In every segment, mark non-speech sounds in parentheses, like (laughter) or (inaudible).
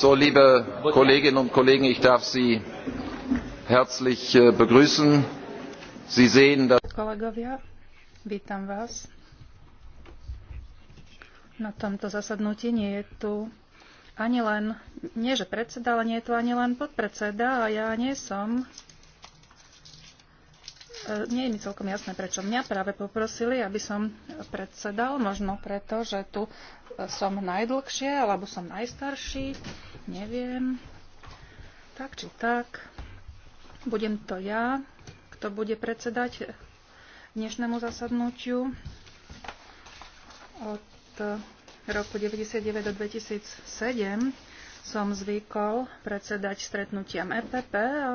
So, liebe Kolleginnen und Kollegen, ich darf Sie herzlich äh, begrüßen. Sie sehen, dass... Kolegovia, vítam vás. Na tomto zasadnutí nie je tu ani len, nie že predseda, ale nie je tu ani len podpredseda a ja nie som e, nie je mi celkom jasné, prečo mňa práve poprosili, aby som predsedal. Možno preto, že tu e, som najdlhšie alebo som najstarší. Neviem. Tak či tak, budem to ja, kto bude predsedať dnešnému zasadnutiu od roku 99 do 2007 som zvykol predsedať stretnutiam EPP a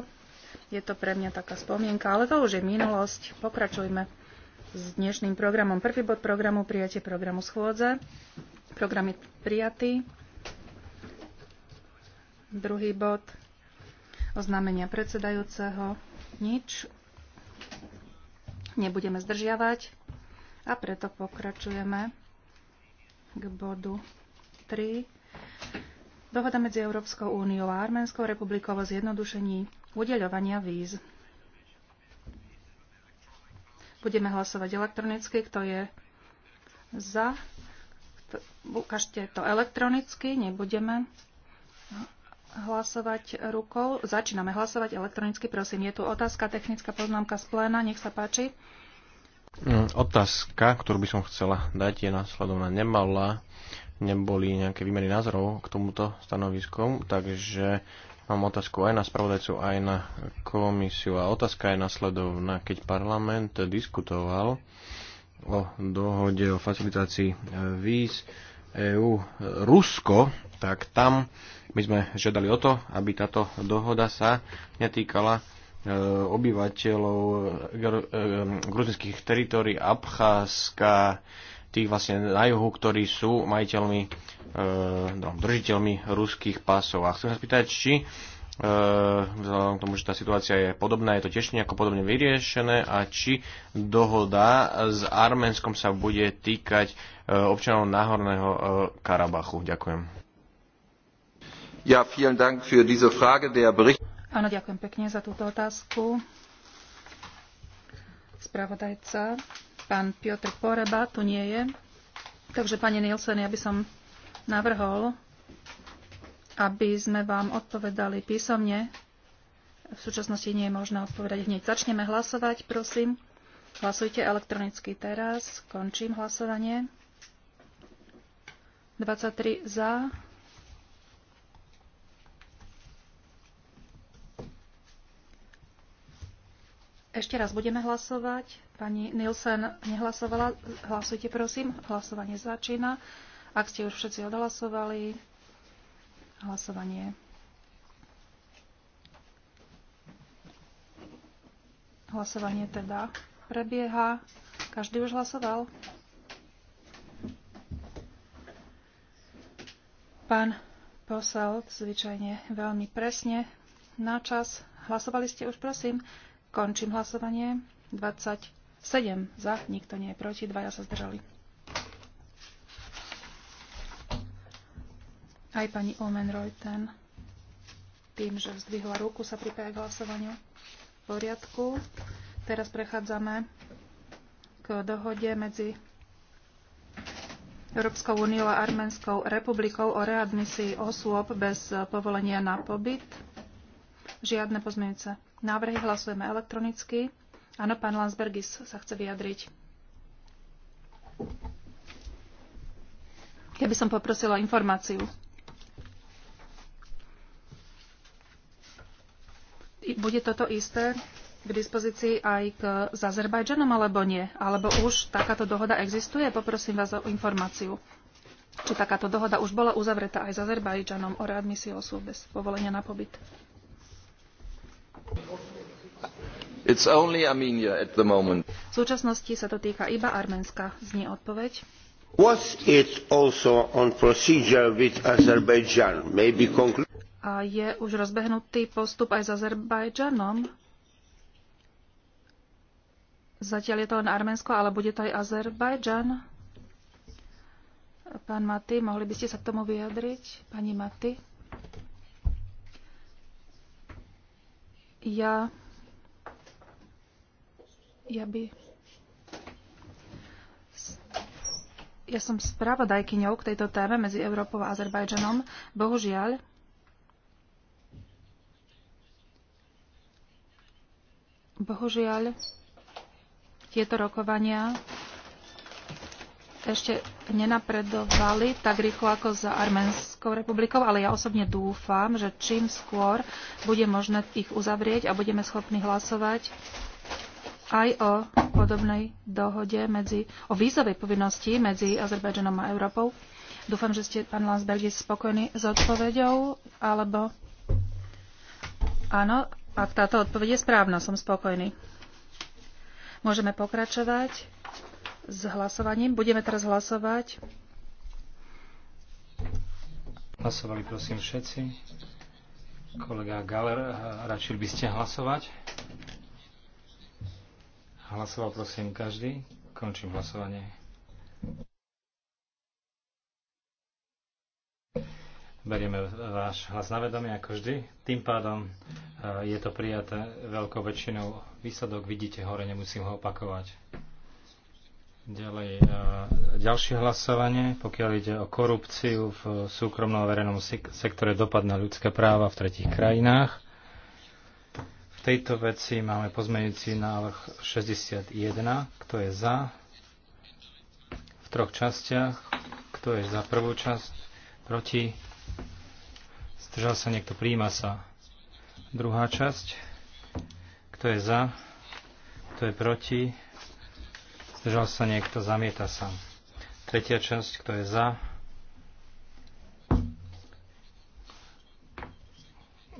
je to pre mňa taká spomienka, ale to už je minulosť. Pokračujme s dnešným programom. Prvý bod programu prijatie programu schôdze. Program je prijatý. Druhý bod. Oznámenia predsedajúceho. Nič. Nebudeme zdržiavať. A preto pokračujeme k bodu 3. Dohoda medzi Európskou úniou a Arménskou republikou o zjednodušení udeľovania víz. Budeme hlasovať elektronicky, kto je za. Ukážte to elektronicky, nebudeme hlasovať rukou. Začíname hlasovať elektronicky, prosím. Je tu otázka, technická poznámka z pléna, nech sa páči. Mm, otázka, ktorú by som chcela dať, je následovná. Nemala, neboli nejaké výmeny názorov k tomuto stanovisku, takže mám otázku aj na spravodajcu, aj na komisiu. A otázka je následovná. Keď parlament diskutoval o dohode o facilitácii eh, víz EU Rusko, tak tam my sme žiadali o to, aby táto dohoda sa netýkala e, obyvateľov e, e, gruzinských teritórií Abcházska, tých vlastne na juhu, ktorí sú majiteľmi, no, držiteľmi ruských pásov. A chcem sa spýtať, či vzhľadom k tomu, že tá situácia je podobná, je to tiež nejako podobne vyriešené a či dohoda s Arménskom sa bude týkať občanov Náhorného Karabachu. Ďakujem. Áno, ďakujem pekne za túto otázku. Spravodajca, pán Piotr Poreba, tu nie je. Takže, pani Nielsen, ja by som navrhol, aby sme vám odpovedali písomne. V súčasnosti nie je možné odpovedať hneď. Začneme hlasovať, prosím. Hlasujte elektronicky teraz. Končím hlasovanie. 23 za, Ešte raz budeme hlasovať. Pani Nielsen nehlasovala. Hlasujte, prosím. Hlasovanie začína. Ak ste už všetci odhlasovali, hlasovanie Hlasovanie teda prebieha. Každý už hlasoval? Pán posel zvyčajne veľmi presne na čas. Hlasovali ste už, prosím. Končím hlasovanie. 27 za, nikto nie je proti, dvaja sa zdržali. Aj pani Omen Reuten tým, že vzdvihla ruku, sa pripája k hlasovaniu. V poriadku. Teraz prechádzame k dohode medzi Európskou úniou a Arménskou republikou o readmisii osôb bez povolenia na pobyt. Žiadne pozmeňujúce návrhy hlasujeme elektronicky. Áno, pán Landsbergis sa chce vyjadriť. Ja by som poprosila informáciu. Bude toto isté k dispozícii aj k, Azerbajdžanom, alebo nie? Alebo už takáto dohoda existuje? Poprosím vás o informáciu. Či takáto dohoda už bola uzavretá aj s Azerbajdžanom o readmisii osôb bez povolenia na pobyt? It's only Armenia at the moment. V súčasnosti sa to týka iba Arménska, znie odpoveď. Was it also on procedure with Azerbaijan? Maybe conclude... A je už rozbehnutý postup aj s Azerbajdžanom? Zatiaľ je to len Arménsko, ale bude to aj Azerbajdžan? Pán Maty, mohli by ste sa k tomu vyjadriť? Pani Maty? Ja, ja by... Ja som spravodajkyňou k tejto téme medzi Európou a Azerbajdžanom. Bohužiaľ, bohužiaľ, tieto rokovania ešte nenapredovali tak rýchlo ako za Arménskou republikou, ale ja osobne dúfam, že čím skôr bude možné ich uzavrieť a budeme schopní hlasovať aj o podobnej dohode medzi, o vízovej povinnosti medzi Azerbajdžanom a Európou. Dúfam, že ste, pán Lansbergis, spokojní s odpoveďou, alebo... Áno, ak táto odpoveď je správna, som spokojný. Môžeme pokračovať s hlasovaním. Budeme teraz hlasovať. Hlasovali prosím všetci. Kolega Galer, eh, radšil by ste hlasovať? Hlasoval prosím každý. Končím hlasovanie. Berieme váš hlas na vedomie ako vždy. Tým pádom eh, je to prijaté veľkou väčšinou. Výsledok vidíte hore, nemusím ho opakovať. Ďalej, ďalšie hlasovanie, pokiaľ ide o korupciu v súkromnom a verejnom sektore dopad na ľudské práva v tretich krajinách. V tejto veci máme pozmeňujúci návrh 61. Kto je za? V troch častiach. Kto je za prvú časť? Proti? Zdržal sa niekto? Príjima sa. Druhá časť. Kto je za? Kto je proti? Zdržal sa niekto, zamieta sa. Tretia časť, kto je za?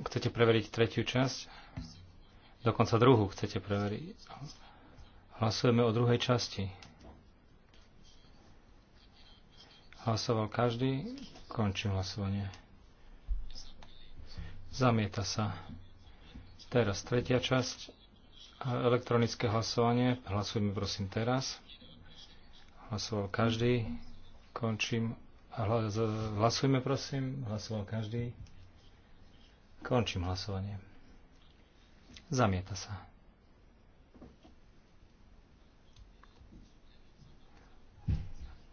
Chcete preveriť tretiu časť? Dokonca druhú chcete preveriť. Hlasujeme o druhej časti. Hlasoval každý. Končím hlasovanie. Zamieta sa. Teraz tretia časť. Elektronické hlasovanie. Hlasujme prosím teraz. Hlasoval každý. Končím. Hlasujme prosím. Hlasoval každý. Končím hlasovanie. Zamieta sa.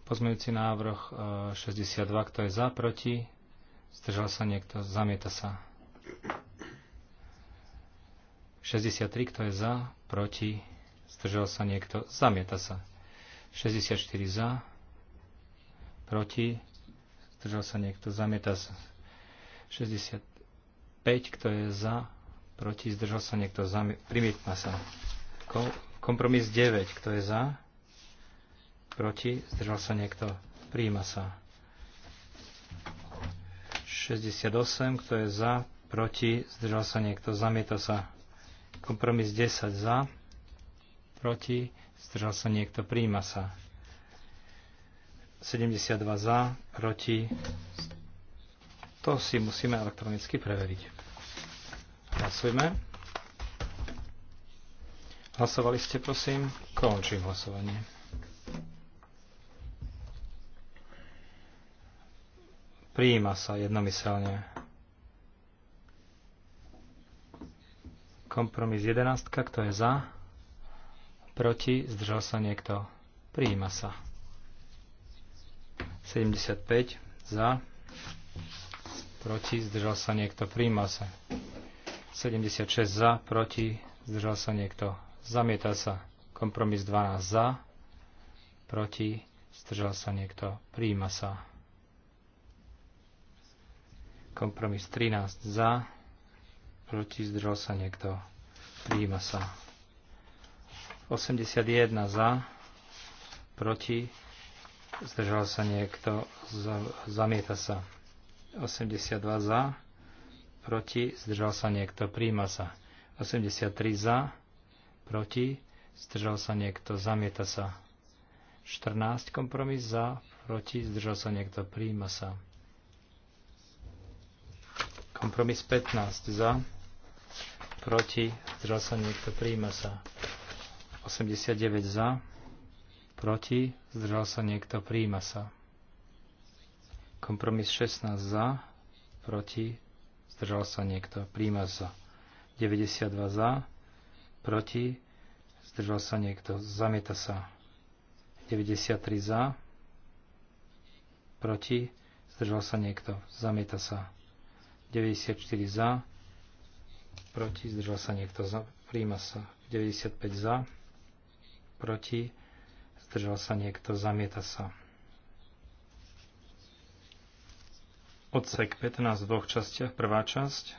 Pozmeňujúci návrh 62, e, kto je za, proti, zdržal sa niekto, zamieta sa. 63, kto je za, proti, zdržal sa niekto, zamieta sa. 64 za, proti, zdržal sa niekto, zamieta sa. 65, kto je za, proti, zdržal sa niekto, zamieta, primietna sa. Kompromis 9, kto je za, proti, zdržal sa niekto, príjima sa. 68, kto je za, proti, zdržal sa niekto, zamieta sa. Kompromis 10 za, proti, zdržal sa niekto, príjma sa. 72 za, proti. To si musíme elektronicky preveriť. Hlasujme. Hlasovali ste, prosím. Končím hlasovanie. Prijíma sa jednomyselne. Kompromis 11, kto je za? Proti, zdržal sa niekto. Prijíma sa. 75 za. Proti, zdržal sa niekto. Prijíma sa. 76 za, proti, zdržal sa niekto. Zamieta sa. Kompromis 12 za, proti, zdržal sa niekto. Prijíma sa. Kompromis 13 za, proti, zdržal sa niekto, prijíma sa. 81 za, proti, zdržal sa niekto, zamieta sa. 82 za, proti, zdržal sa niekto, príjma sa. 83 za, proti, zdržal sa niekto, zamieta sa. 14 kompromis za, proti, zdržal sa niekto, príjma sa. Kompromis 15 za, proti, zdržal sa niekto, príjma sa. 89 za, proti, zdržal sa niekto, príjma sa. Kompromis 16 za, proti, zdržal sa niekto, príjma sa. 92 za, proti, zdržal sa niekto, zamieta sa. 93 za, proti, zdržal sa niekto, zamieta sa. 94 za, proti, zdržal sa niekto za, príjma sa 95 za, proti, zdržal sa niekto, zamieta sa. Odsek 15 v dvoch častiach, prvá časť.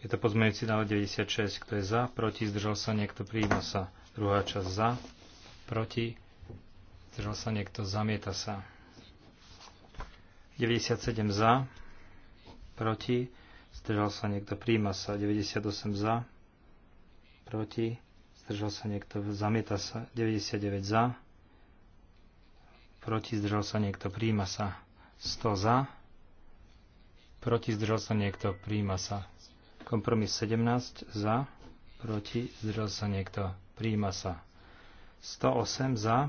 Je to pozmejúci návrh 96, kto je za, proti, zdržal sa niekto, príjma sa. Druhá časť za, proti, zdržal sa niekto, zamieta sa. 97 za, proti, zdržal sa niekto, príjma sa 98 za, proti, zdržal sa niekto, zamieta sa 99 za, proti, zdržal sa niekto, príjma sa 100 za, proti, zdržal sa niekto, príjma sa. Kompromis 17 za, proti, zdržal sa niekto, príjma sa. 108 za,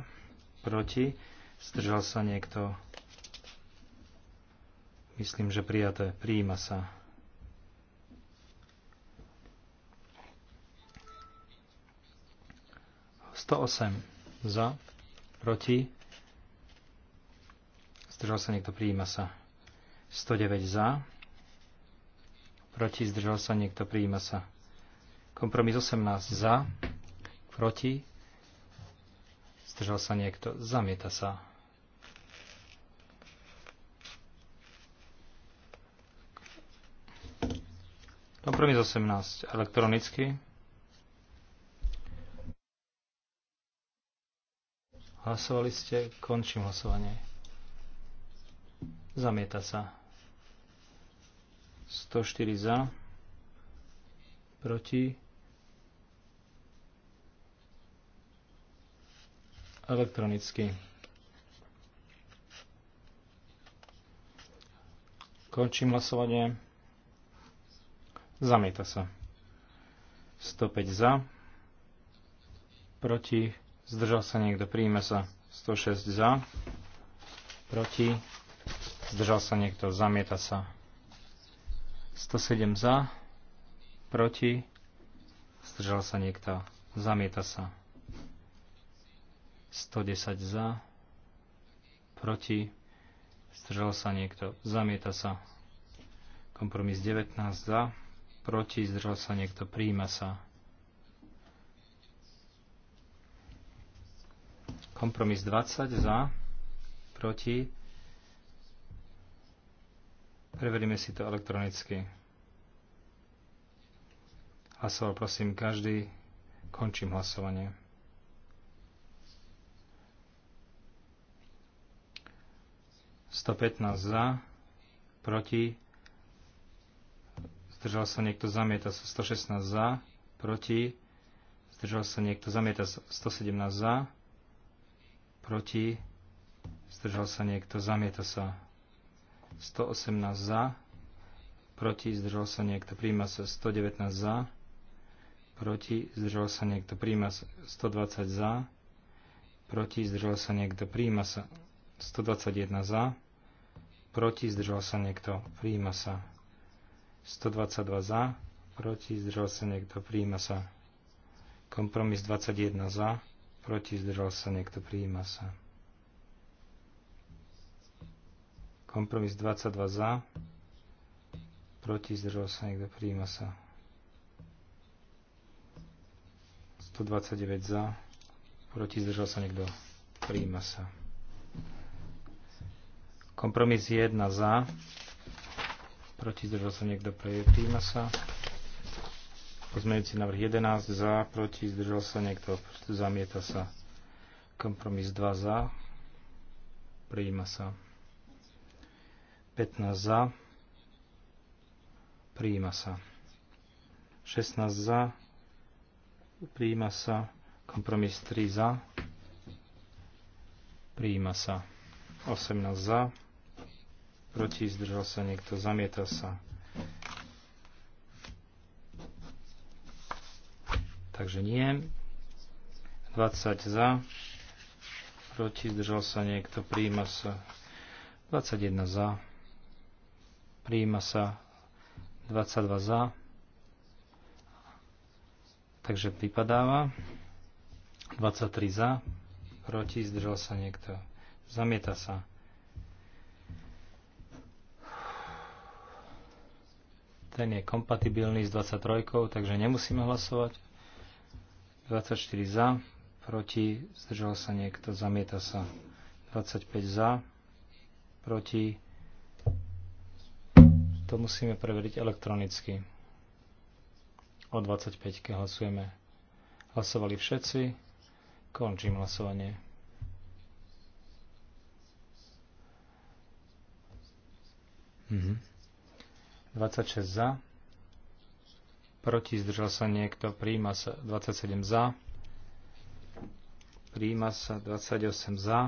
proti, zdržal sa niekto, myslím, že prijaté, príjma sa. 108 za, proti, zdržal sa niekto, prijíma sa. 109 za, proti, zdržal sa niekto, prijíma sa. Kompromis 18 za, proti, zdržal sa niekto, zamieta sa. Kompromis 18 elektronicky. Hlasovali ste? Končím hlasovanie. Zamieta sa. 104 za. Proti. Elektronicky. Končím hlasovanie. Zamieta sa. 105 za. Proti. Zdržal sa niekto? Príjme sa. 106 za. Proti. Zdržal sa niekto? Zamieta sa. 107 za. Proti. Zdržal sa niekto? Zamieta sa. 110 za. Proti. Zdržal sa niekto? Zamieta sa. Kompromis 19 za. Proti. Zdržal sa niekto? Príjma sa. Kompromis 20 za, proti. Preveríme si to elektronicky. Hlasoval prosím každý. Končím hlasovanie. Sto za, proti. Zdržal sa niekto, zamieta sa 116 za, proti. Zdržal sa niekto, zamieta sa sedemnáct za, proti, zdržal sa niekto, zamieta sa. 118 za, proti, zdržal sa niekto, príjma sa 119 za, proti, zdržal sa niekto, príjma sa 120 za, proti, zdržal sa niekto, príjma sa 121 za, proti, zdržal sa niekto, príjma sa 122 za, proti, zdržal sa niekto, príjma sa kompromis 21 za, proti, zdržal sa niekto, prijíma sa. Kompromis 22 za, proti, zdržal sa niekto, prijíma sa. 129 za, proti, zdržal sa niekto, prijíma sa. Kompromis 1 za, proti, zdržal sa niekto, prijíma sa. Pozmeňujúci návrh 11 za, proti, zdržal sa niekto, zamieta sa. Kompromis 2 za, prijíma sa. 15 za, prijíma sa. 16 za, prijíma sa. Kompromis 3 za, prijíma sa. 18 za, proti, zdržal sa niekto, zamieta sa. Takže nie. 20 za. Proti. Zdržal sa niekto. Príjima sa. 21 za. Príjima sa. 22 za. Takže vypadáva. 23 za. Proti. Zdržal sa niekto. Zamieta sa. Ten je kompatibilný s 23, takže nemusíme hlasovať. 24 za, proti, zdržal sa niekto, zamieta sa. 25 za, proti. To musíme preveriť elektronicky. O 25 hlasujeme. Hlasovali všetci. Končím hlasovanie. Mhm. 26 za, proti, zdržal sa niekto, príjma sa 27 za, príjma sa 28 za,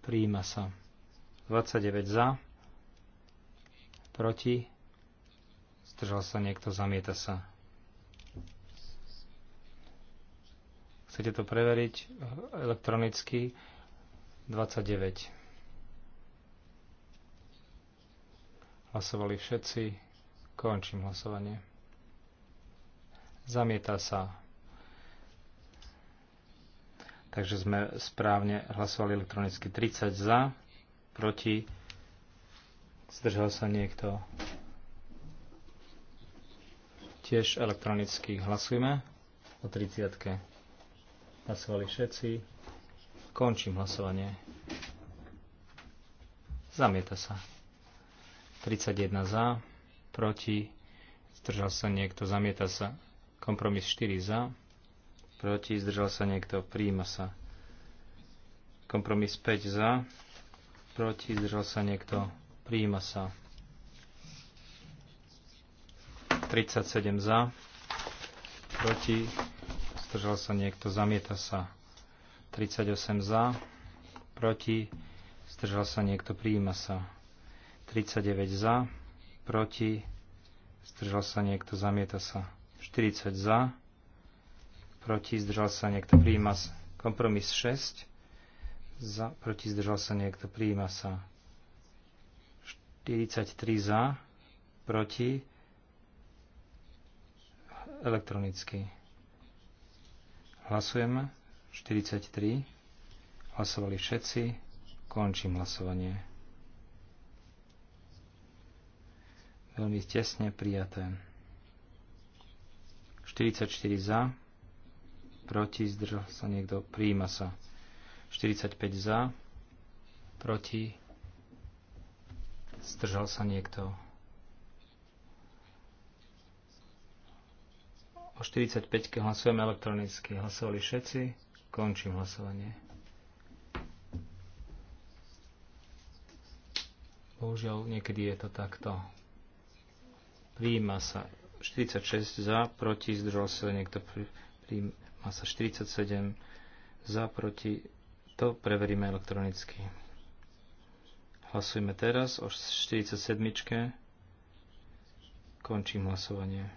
príjma sa 29 za, proti, zdržal sa niekto, zamieta sa. Chcete to preveriť elektronicky? 29. Hlasovali všetci. Končím hlasovanie. Zamieta sa. Takže sme správne hlasovali elektronicky 30 za, proti, zdržal sa niekto. Tiež elektronicky hlasujeme o 30. Hlasovali všetci. Končím hlasovanie. Zamieta sa. 31 za, proti, zdržal sa niekto, zamieta sa. Kompromis 4 za, proti, zdržal sa niekto, príjima sa. Kompromis 5 za, proti, zdržal sa niekto, príjima sa. 37 za, proti, zdržal sa niekto, zamieta sa. 38 za, proti, zdržal sa niekto, príjima sa. 39 za, proti, zdržal sa niekto, zamieta sa. 40 za, proti, zdržal sa niekto, príjima sa. Kompromis 6, za, proti, zdržal sa niekto, príjima sa. 43 za, proti, elektronicky. Hlasujeme. 43. Hlasovali všetci. Končím hlasovanie. Veľmi tesne prijaté. 44 za. Proti. Zdržal sa niekto. príjma sa. 45 za. Proti. Zdržal sa niekto. O 45 hlasujeme elektronicky. Hlasovali všetci. Končím hlasovanie. Bohužiaľ, niekedy je to takto. Výjima sa 46 za, proti, zdržal sa niekto, príjma sa 47 za, proti, to preveríme elektronicky. Hlasujeme teraz o 47. Končím hlasovanie.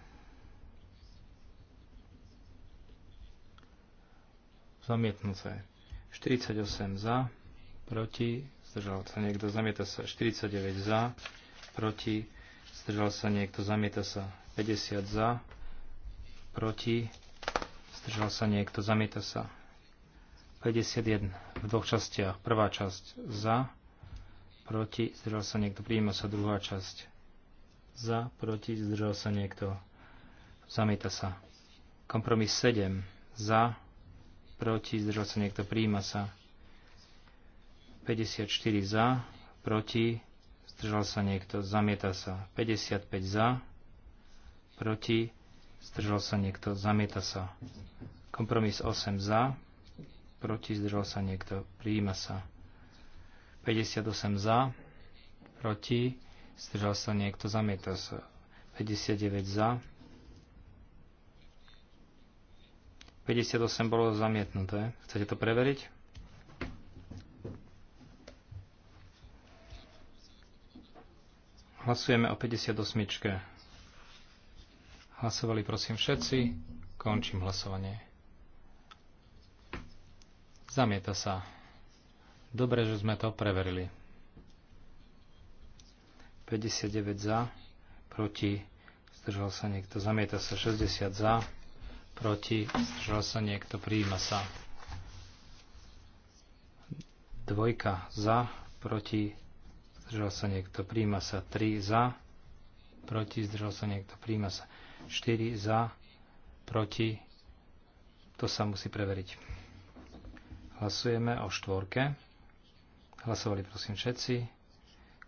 Zamietnuté. 48 za, proti, zdržal sa niekto, zamieta sa 49 za, proti, zdržal sa niekto, zamieta sa 50 za, proti, zdržal sa niekto, zamieta sa 51 v dvoch častiach. Prvá časť za, proti, zdržal sa niekto, prijíma sa druhá časť za, proti, zdržal sa niekto, zamieta sa. Kompromis 7 za, proti, zdržal sa niekto, prijíma sa. 54 za, proti, zdržal sa niekto, zamieta sa. 55 za, proti, zdržal sa niekto, zamieta sa. Kompromis 8 za, proti, zdržal sa niekto, prijíma sa. 58 za, proti, zdržal sa niekto, zamieta sa. 59 za, 58 bolo zamietnuté. Chcete to preveriť? Hlasujeme o 58. Hlasovali prosím všetci. Končím hlasovanie. Zamieta sa. Dobre, že sme to preverili. 59 za, proti, zdržal sa niekto, zamieta sa 60 za, proti, zdržal sa niekto, prijíma sa. Dvojka za, proti, zdržal sa niekto, príjma sa 3 za, proti, zdržal sa niekto, príjma sa 4 za, proti, to sa musí preveriť. Hlasujeme o štvorke. Hlasovali prosím všetci.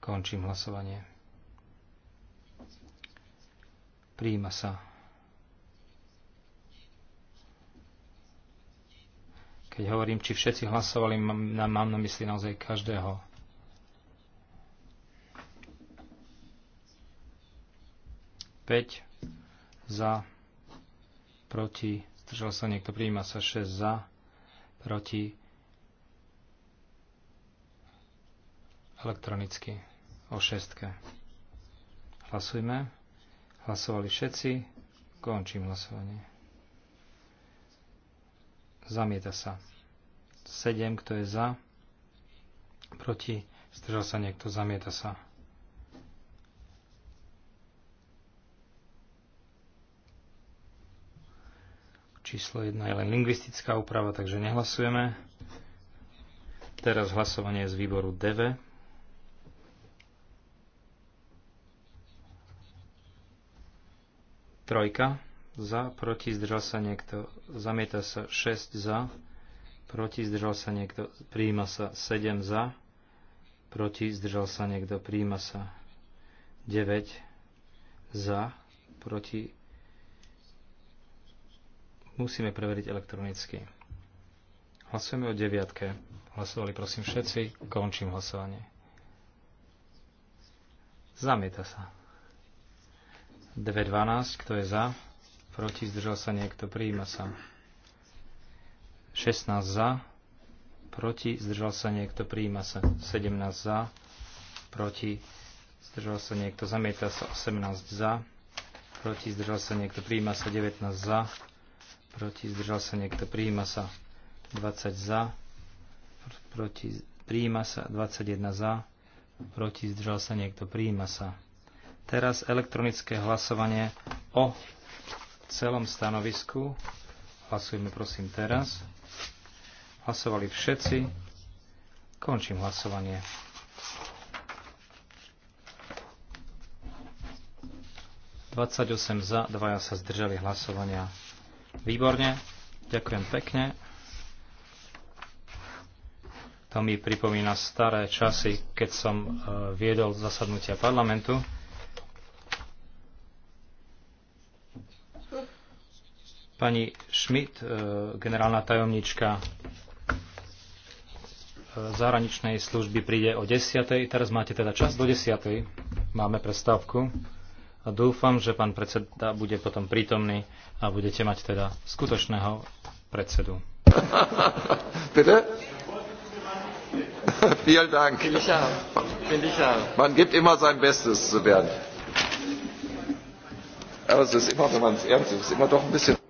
Končím hlasovanie. Príjma sa. Keď hovorím, či všetci hlasovali, mám na mysli naozaj každého 5 za, proti, zdržal sa niekto, prijíma sa 6 za, proti, elektronicky o 6. Hlasujme. Hlasovali všetci. Končím hlasovanie. Zamieta sa. 7, kto je za, proti, zdržal sa niekto, zamieta sa. Číslo 1 je len lingvistická úprava, takže nehlasujeme. Teraz hlasovanie z výboru DV. Trojka za, proti zdržal sa niekto, zamieta sa 6 za, proti zdržal sa niekto, prijíma sa 7 za, proti zdržal sa niekto, prijíma sa 9 za, proti Musíme preveriť elektronicky. Hlasujeme o deviatke. Hlasovali prosím všetci. Končím hlasovanie. Zamieta sa. 2.12. Kto je za? Proti zdržal sa niekto. Prijíma sa. 16 za. Proti zdržal sa niekto. Prijíma sa. 17 za. Proti zdržal sa niekto. Zamieta sa. 18 za. Proti zdržal sa niekto. Prijíma sa. 19 za proti, zdržal sa niekto, prijíma sa 20 za, proti, prijíma sa 21 za, proti, zdržal sa niekto, prijíma sa. Teraz elektronické hlasovanie o celom stanovisku. Hlasujeme prosím teraz. Hlasovali všetci. Končím hlasovanie. Dvadsať osem za, dvaja sa zdržali hlasovania. Výborne, ďakujem pekne. To mi pripomína staré časy, keď som e, viedol zasadnutia parlamentu. Pani Schmidt, e, generálna tajomnička e, zahraničnej služby príde o 10. Teraz máte teda čas do 10. Máme prestávku. A dúfam, že pán predseda bude potom prítomný a budete mať teda skutočného predsedu. (laughs) Bitte? (laughs) Vielen Dank. Bin ich Bin ich Man gibt immer sein Bestes zu werden. Aber es ist immer, wenn man es ernst ist, immer doch ein bisschen.